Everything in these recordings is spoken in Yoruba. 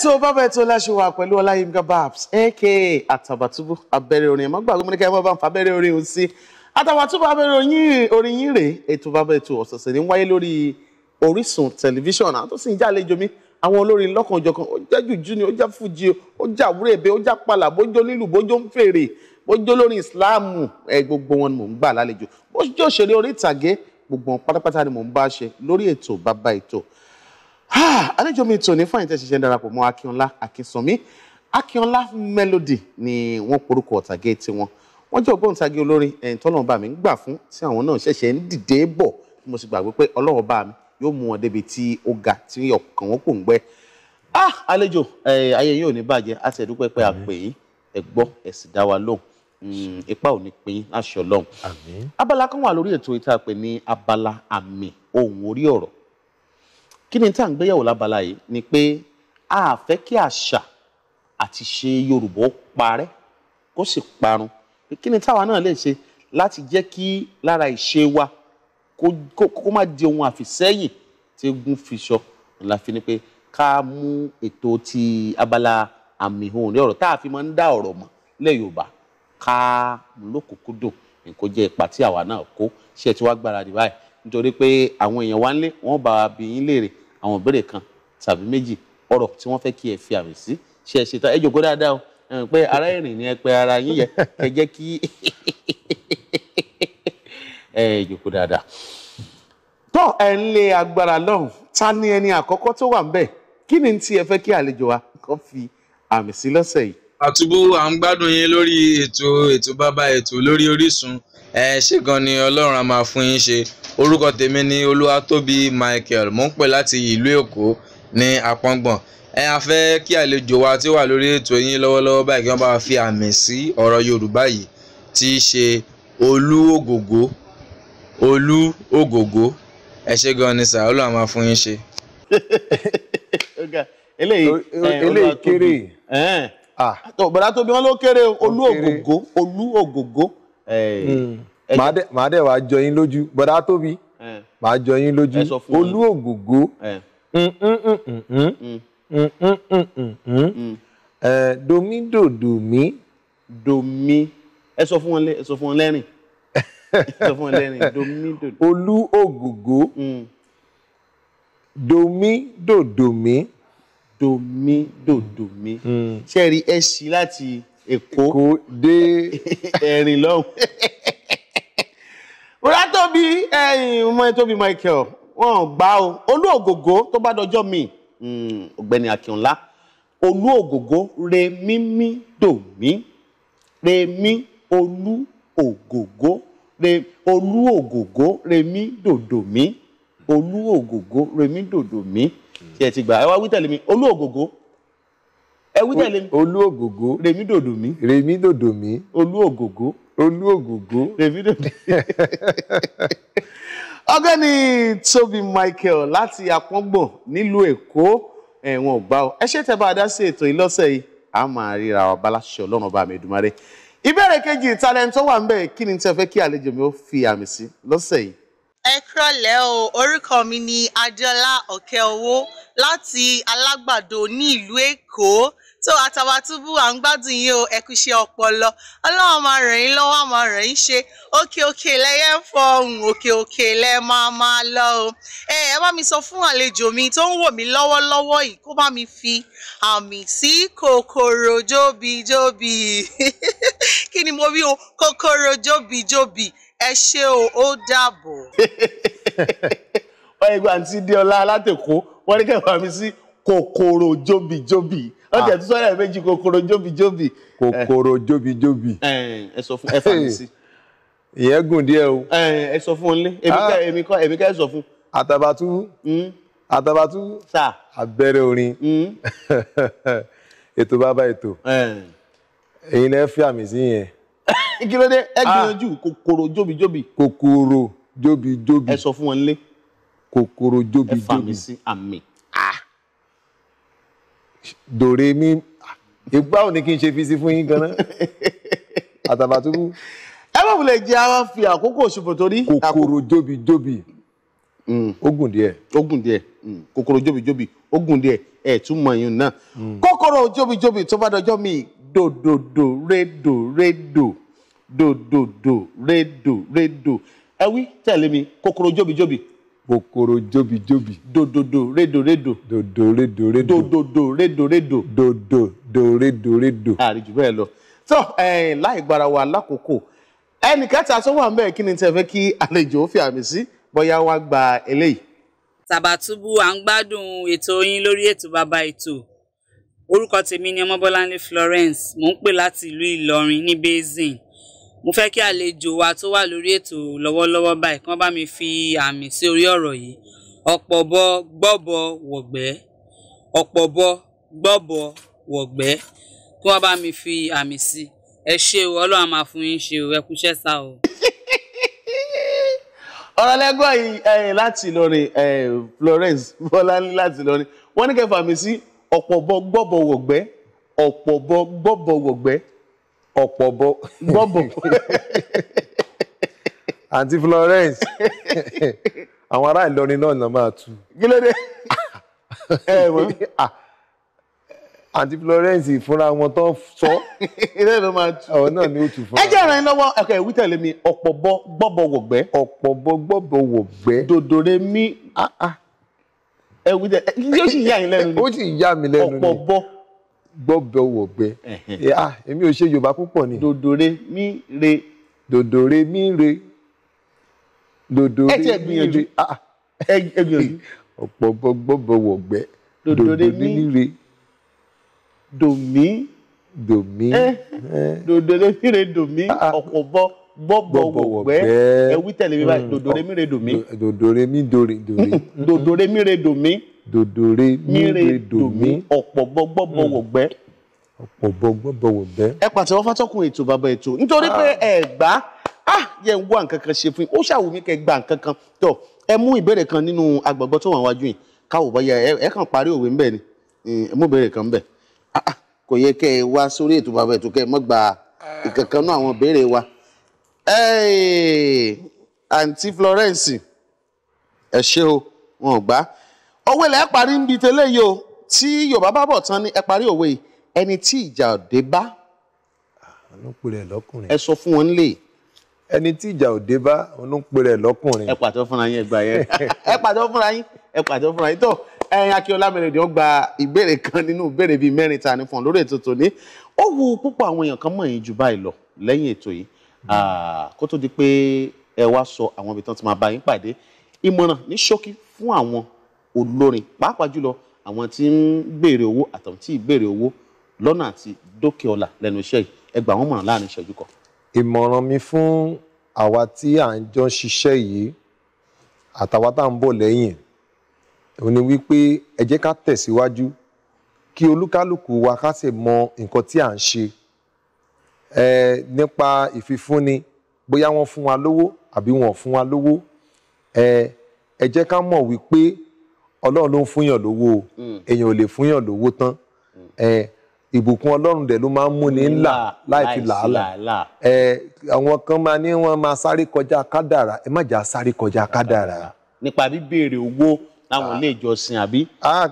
ètò bàbá ètò láṣẹ wà pẹ̀lú ọláyínká babs aka àtàbàtúbù abẹ́rẹ́ orin ẹ̀ mọ́ gbàgbọ́ mi ní ká ẹ mọ́ bá ń fa abẹ́rẹ́ orin o sí àtàbàtúbù abẹ́rẹ́ orin yín rèé ètò bàbá ètò ọ̀sọ̀ọ̀sẹ̀ ní wáyé lórí Orísun tẹlifíṣàn àtọ́ sì ń já àlejò mi àwọn olórin lọ́kànjọ̀kan ó jẹ́ jùjú ni ó jẹ́ fújì ó jẹ́ àwúrẹ̀bẹ ó jẹ́ pàlà bójó nílù bójó ń fèrè bójó lórin ìsìláàmù ẹ gbogbo wọn ni mò ń gbà lálejò bójó òṣèré orí ìtàgé gbogbo wọn pátápátá ni mò ń bá ṣe lórí ètò bàbá ètò àlejò mi tòní fún àyíntẹ́ ṣiṣẹ́ darapọ̀ mọ́ akínọlá akínsànmí akínọlá melody ni wọ́n porúkọ ọ̀tàgé tiwọn wọ́n jẹ́ ògbóǹtagì olórin ẹ̀yìn tọ́lọ́run bá mi ń gbà fún tí àwọn náà ṣẹ̀ṣẹ̀ ń dìde bọ̀ tí mo sì gbàgbé pé ọlọ́run bá mi yóò mú wọn débi tí ó ga tí ọkàn wọn kò ń gbẹ. ah àlejò ayé yóò ní bàjẹ́ a ti dúpẹ́ pé a pè yín ẹ gbọ́ ẹ sì dá wa lóhùn hmm, ipa ò ní pín láṣọ lọ́hùn. abala kan wà lórí ètò ìta pè ní abala àmì ohun orí ọ̀rọ̀ kí ni tá à ń gbéyàwó lábala yìí ni pé a fẹ́ kí àṣà àti ṣe Yorùbá parẹ́ kó sì parun kí ni táwa náà lè ṣe láti jẹ́ kí lára ìṣe wa kó má di ohun àfìsẹ́yìn tí egun fi sọ la fi ni pé ká mú ètò ti abala àmì ohùn ní ọ̀rọ̀ tá a fi máa ń dá ọ̀rọ̀ mọ̀ lẹ́ Yorùbá ká lókùnkúndùn nǹkó jẹ́ ipa tí àwa náà kó ṣe tí wàá gbáradì báyìí nítorí pé àwọn èèyàn wa ń lé wọ́n bá bí yín léèrè àwọn ìbéèrè kan tàbí méjì ọ̀rọ̀ tí wọ́n fẹ́ kí ẹ fi àmì sí ṣe ẹ ṣetán ẹ jókòó dáadáa o ẹ pé ara ìrìn ni ẹ pé ara yín yẹ ẹ jẹ́ kí ẹ jókòó dáadáa. tọ́ ẹ ń lé agbára lọ́hùn ta ni ẹni àkọ́kọ́ tó wà ń bẹ̀ kí ni tí ẹ fẹ́ kí àlejò wa kọ́ fi àmì sí lọ́sẹ̀ yìí. àtúbọ̀ à ń gbádùn yín lórí ètò ètò bàbá ètò lórí Orísun ẹ ṣe gan ni ọlọ́run a máa fún yín ṣe orúkọ tèmi ni olúwatóbi michael mò ń pè láti ìlú èkó ní apọ́ngbọ̀n ẹ a fẹ́ kí àlejò wa tí ó wà lórí ètò yín lọ́wọ́lọ́wọ́ báyìí kí wọ́n bá wa fi àmì sí ọ̀rọ̀ yorùbá yìí tí í ṣe olú ògògó ẹ ṣe gan ni sà ọlọ́run máa fún yín ṣe. eléyìí eh, kéré. Eh. Ah. bọ̀dá tóbi wọn ló kéré olú ògògó màá dẹ̀ wá jọ yín lójú bọ̀dá tóbi màá jọ yín lójú olú ògògó domídòdò mi. domi ẹ sọ fún wọn lẹ ẹ sọ fún wọn lẹ́rìn ẹ sọ fún wọn lẹ́rìn domídòdò. olú ògògó domídòdò mi. domi mm. mi. Mm. ṣé ẹ rí ẹ sí láti èkó dé ẹ̀rìn lọ́hùn. rárá tóbi ẹ̀yìn ọmọ ẹ tóbi Michael wọn ò gbá o olú ògògó tó bá dọjọ́ mi hmm, ọ̀gbẹ́ni Akínọlá olú ògògó remi mi dòmí remi olú ògògó olú ògògó remi dòdòmí olú ògògó remi dòdòmí tí ẹ ti gbà ẹ wá wí tẹ̀lé mi olú ògògó ẹ wí tẹ̀lé mi. olú ògògó rèmi dòdò mí. rèmi dòdò mí. olú ògògó. olú ògògó. rèmi dòdò mí. ọ̀gbẹ́ni Tóbi Michael láti Àpọ́ngbọ̀n nílùú Èkó ẹ̀wọ̀n ọ̀gbá o ẹ ṣé tẹ́ bá a dá sí ètò yìí lọ́sẹ̀ yìí a máa ríra ọba láṣẹ Ọlọ́run ọba mi ìbéèrè kejì ìtalẹ́ntọ́ wà ń bẹ̀ kí ni tẹ́ fẹ́ kí àlejò mi ó fi àmì sí lọ́sẹ̀ yìí ẹ kúrọ̀lẹ́ o orúkọ mi ni adéọlá ọ̀kẹ́owó láti alágbàdo ní ìlú èkó tó Àtàbàtúbú à ń gbádùn yín o ẹ kú iṣẹ́ ọpọlọ Ọlọ́run máa ràn yín lọ́wọ́ máa ràn yín ṣe òkè òkè lẹyẹ ń fọ ohun òkè òkè lẹ máa máa lọ o ẹ ẹ bá mi sọ fún àlejò mi tó ń wò mí lọ́wọ́lọ́wọ́ yìí kó bá mi fi àmì sí kòkòrò jóbijóbi kí ni mo wí o kòkòrò jóbijóbi ẹ ṣé o ó dàbọ̀. wọ́n yẹ gbàǹtí dé ọlá látẹ̀kọ́ wọ́n ní kẹwàá mi sí kòkòrò jóbìjóbì wọ́n tẹ̀ tún sọ́rọ̀ ẹ̀ méjì kòkòrò jóbìjóbì. kòkòrò jóbìjóbì. ẹ sọ fún ẹ fà mí sí. ìyẹn gùn díẹ̀ o. ẹ sọ fún ọlẹ ah. èmi kọ́ èmi kọ́ ẹ sọ fún. Àtàbàtúbú. Hmm? Àtàbàtúbú. sà. abẹ́rẹ́ orin. Hmm? ètò bàbá ètò. èyí lẹ́ fi àmì sí yẹn. kí ló dé ẹ ah. gbìyànjú kòkòrò jóbìjóbì. kòkòrò jóbìjóbì. ẹ sọ fún wọn lé. kòkòrò jóbìjóbì. ẹ fà mí sí àmì. Dore mi ìgbà ah, ò ni kí n ṣe fi sí fún yín ganan àtàbàtúkú. ẹ má wulẹ̀ jẹ́ àwọn fi àkókò ṣòfò torí. kòkòrò jóbijóbi ogun mm. díẹ̀. ogun díẹ̀ mm. kòkòrò jobi ogun díẹ̀ ẹ̀ tún mọ ìyún náà. Mm. kòkòrò jobi tó bá dọjọ́ mi dòdòdò rédò rédò dòdòdò rédò rédò ẹ wí tẹ̀lé mi kòkòrò jóbijóbi. dòdòdò rédòrédò. dòdòrédòrédò. dòdòdòrédòrédò. dòdòdòrédòrédò. àríjù bẹ́ẹ̀ lọ. tó ẹ̀yìn eh, láì gbára wa lákòókò ẹnì kẹta tó wà ńbẹ̀ kí ni tẹ́ fẹ́ kí àlejò fi àmì sí bóyá wá gba eléyìí. Tàbàtúbú à ń gbádùn ètò yín lórí ètò bàbá ètò orúkọ tèmi ni Ọmọbọ́láńlé Florence mò ń pè láti ìlú Ìlọrin ní Basin mo fẹ́ kí àlejò wa tó wà lórí ètò lọ́wọ́lọ́wọ́ báyìí kán bá mi fi àmì sí orí ọ̀rọ̀ yìí ọ̀pọ̀ bọ gbọ́bọ wọ̀gbẹ́ ọ̀pọ̀ bọ gbọ́bọ wọ̀gbẹ́ kí wọ́n bá mi fi àmì sí ẹ ṣé o ọlọ́run máa fún yín ṣe o ẹ kúṣẹ́ sá o. ọ̀rọ̀ lẹ́gbọ́n yìí eh, láti Ìlọrin eh, Florence Bọ́láńlé láti Ìlọrin wọ́n ní kẹfà mi sí ọ̀pọ̀ bọ gbọ́bọ wọ̀gbẹ́ ọ̀pọ̀ bọ gbọ́bọ wọ̀gbẹ́ ọ̀pọ̀ bọ́bọ̀ àǹtí Florence àwọn ará Ìlọrin náà náà máa tu. kí ló dé ẹ wọ́n. àǹtí Florence fúnra wọn tó sọ. ilé ló máa tu. ọ̀hún náà ni ó tu fúnra. ẹ jẹ́ ìrànlẹ́ lọ́wọ́ ẹ̀kọ́ ìwí tẹ̀lé mi ọ̀pọ̀ bọ́ gbọ́bọ̀ wọ̀gbẹ́. ọ̀pọ̀ bọ́ gbọ́bọ̀ wọ̀gbẹ́. dòdòrè mi. Ah, ah. ẹ wí tẹ̀lé yóò sì yà yín lẹ́nu ni. ọ̀pọ̀ bọ́ gbọ́bẹ wọ̀ gbẹ ah, èmi ò ṣe yorùbá púpọ̀ ni. dòdòrè mi re. dòdòrè mi re. dòdòrè mi re. Ah, ẹ ti gbìyànjú ẹ gbìyànjú. ọ̀pọ̀ gbọ́bẹ wọ̀ gbẹ. dòdòrè mi re. dòmí. dòmí. dòdòrè mi re dòmí ah, ọ̀pọ̀ bọ́ gbọ́bọ̀ wọ̀gbẹ́ ẹ wí tẹ̀lé mi báyìí mm, dòdòrè mi re dòmí. dòdòrè mi dòrè dòrè. dòdòrè mi re dòmí dòdòrè mire dòmí ọ̀pọ̀ gbọ́gbọ́ bọ̀wọ̀ hmm. gbẹ́. ọ̀pọ̀ gbọ́gbọ́ bọ̀wọ̀ gbẹ́. ẹ pàtẹ́wọ́ fátọ́kùn ètò bàbá ètò nítorí pé ah. ẹ gbà á ah, yẹ ń wá nǹkan kan ṣe fún yín ó ṣàwùmí kẹ gba nǹkan kan tọ ẹ mú ìbéèrè kan nínú agbègbè tó wà wájú yìí káwọ bọ́yá ẹ kàn parí òwe ńbẹ ni ẹ mú ìbéèrè kan ńbẹ ah, kò yẹ kẹ ẹ wá sórí ètò bàbá ètò kẹ ẹ mọ́ gba ìkankan náà àwọn ìbéèrè wa àǹtí Florence ẹ ṣé o wọn ò gbà á òwe lẹ parí ń bi tẹ́lẹ̀ yìí o tí yorùbá bá bọ̀ tán ni ẹ parí òwe ẹni tí ìjà òde bá. ọlọ́pẹ̀rẹ̀ lọ́kùnrin. ẹ sọ fún wọn nílé. ẹni tí ìjà òde bá ọlọ́pẹ̀rẹ̀ lọ́kùnrin. ẹ pàtó fúnra yín ẹgbà yẹn ẹ pàtó fúnra yín ẹ pàtó fúnra yín tó ẹyin akíọlá mẹrẹdì ó gba ìbéèrè kan nínú ìbéèrè bíi mẹ́rin ta ni fún ọ lórí ètò tòní ó wu púpọ̀ àwọn èèyàn kan mọ̀ yín jù báyìí lọ lẹ́yìn ètò yìí kó tó di pé ẹ wá sọ àwọn ibi tán ti máa bá yín pàdé ìmọ̀ràn ní ṣókí fún àwọn olórin pàápàá jùlọ àwọn tí ń béèrè owó àtàwọn tí ì béèrè owó lọ́nà àti dókè ọlà lẹ́nu iṣẹ́ yìí ẹ gbà wọ́n mọ̀ràn láàrin ìṣẹ́jú kan. ìmọ̀ràn mi fún àwa tí à ń jọ ṣiṣẹ́ yìí àtàwa tá à ń bọ̀ lẹ́yìn òun ni wípé ẹ jẹ́ ká tẹ̀síwájú kí olúkálùkù wa ká sì mọ nǹkan tí à ń ṣe ẹ nípa ìfifúnni bóyá wọ́n fún wa lówó àbí wọn ò fún wa lówó ẹ ẹ jẹ́ ká mọ̀ wípé ọlọ́run ló ń fúnyàn lówó o hmm. èèyàn ò lè fúnyàn lówó tán hmm. ìbùkún ọlọ́run dẹ̀ ló máa ń múni ńlá láì fi làálà àwọn kan máa ní wọ́n máa sáré kọjá kádàrà ẹ má jà sáré kọjá kádàrà. nípa bíbèrè owó láwọn ah. ilé ìjọsìn àbí. Ah,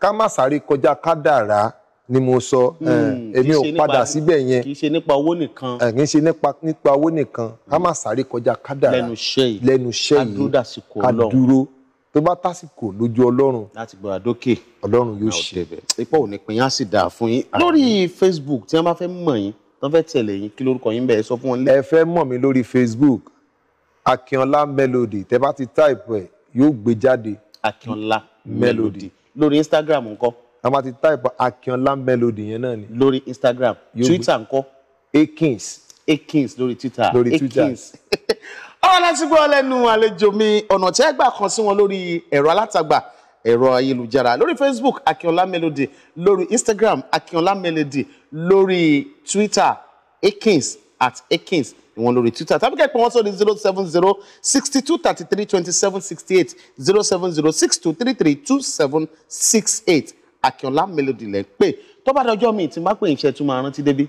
ká má sáré kọjá kádàrà ni mo sọ hmm. èmi ò padà síbẹ̀ yẹn kì í ṣe nípa owó nìkan kì í ṣe nípa owó nìkan ká má sáré kọjá kádàrà lẹ́nu iṣẹ́ yìí ká dúró dàsìkò ọlọ́run tó bá tásìkò lójú ọlọ́run láti gbọ́ àdókè ọlọ́run yóò ṣe ipò òní pin yá sì dáa fún yín lórí Facebook tí wọ́n bá fẹ́ mọ̀ yín tó fẹ́ tẹ̀lé yín kí lórúkọ yín bẹ́ẹ̀ sọ fún wọn. ẹ fẹ́ mọ̀ mí lórí Facebook Akínọlá Melody tẹ́ bá ti táìpù ẹ̀ yóò gbé jáde. Akínọlá Melody lórí Instagram ńkọ́. a máa ti táìpù Akínọlá Melody yẹn náà ni. lórí Instagram Twitter ńkọ́. Akins Akins lórí Twitter lórí Twitter ọ̀rọ̀ láti gbọ́ lẹ́nu àlejò mi ọ̀nà tí ẹ gbà kan sí wọn lórí ẹ̀rọ alátagbà ẹ̀rọ ayélujára lórí Facebook Akínọlá Melody lórí Instagram Akínọlá Melody lórí Twitter Akins at Akins ìwọ̀n lórí Twitter tàbí kẹ́kẹ́ wọn sọ̀rọ̀ zero seven zero sixty two thirty three twenty seven sixty eight zero seven zero six two three three two seven six eight Akínọlá Melody lẹ́ ń pè tó bá dọjọ́ mi ìtìmá pé ìṣẹ́ tún máa rántí débi.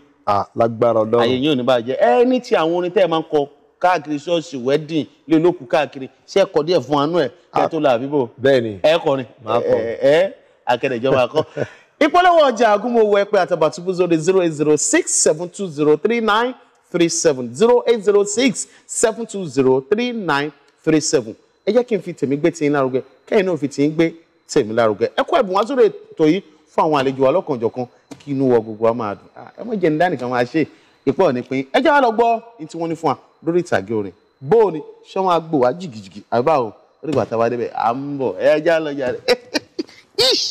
lágbára Ọlọ́run àyè yóò ní bàjẹ́ ẹni tí àwọn orin tẹ́ ẹ máa ń kọ káàkiri ṣọ́ọ̀ṣì wẹ́dìn lé olókùú káàkiri ṣé ẹ kọ díẹ̀ fún anú ẹ̀ kẹ́ tó la àbíbò bẹ́ẹ̀ni ẹ kọrin ẹ akẹ́dẹ̀jọba kọ́ ìpolówó ọjà agúnmọ̀wé ẹ̀pẹ́ àtàbàtúbú zoro zero eight zero six seven two zero three nine three seven zero eight zero six seven two zero three nine three seven ẹ jẹ́ kí n fi tèmi gbé tèmi lárugẹ kẹ́yìn náà fi tèmi gbé tèmi lárugẹ ẹ kó ẹ̀bùn wá sórí ètò yìí fún àwọn àlejò alọ́kànjọ̀kan kí inú wọ gbogbo wa ah, ẹ mọ̀ jẹ́ ní dánìkan máa ṣe ìpọ̀ nípìn ẹ jẹ́ wá lọ gbọ́ ní tí wọ́n ní fún wa lórí ìtàgé orin bóò ni ṣé wọn á gbò wá jìgìjìgì àbí báwo ó a bá débẹ̀ à ń bọ̀ ẹ já lọ jàre.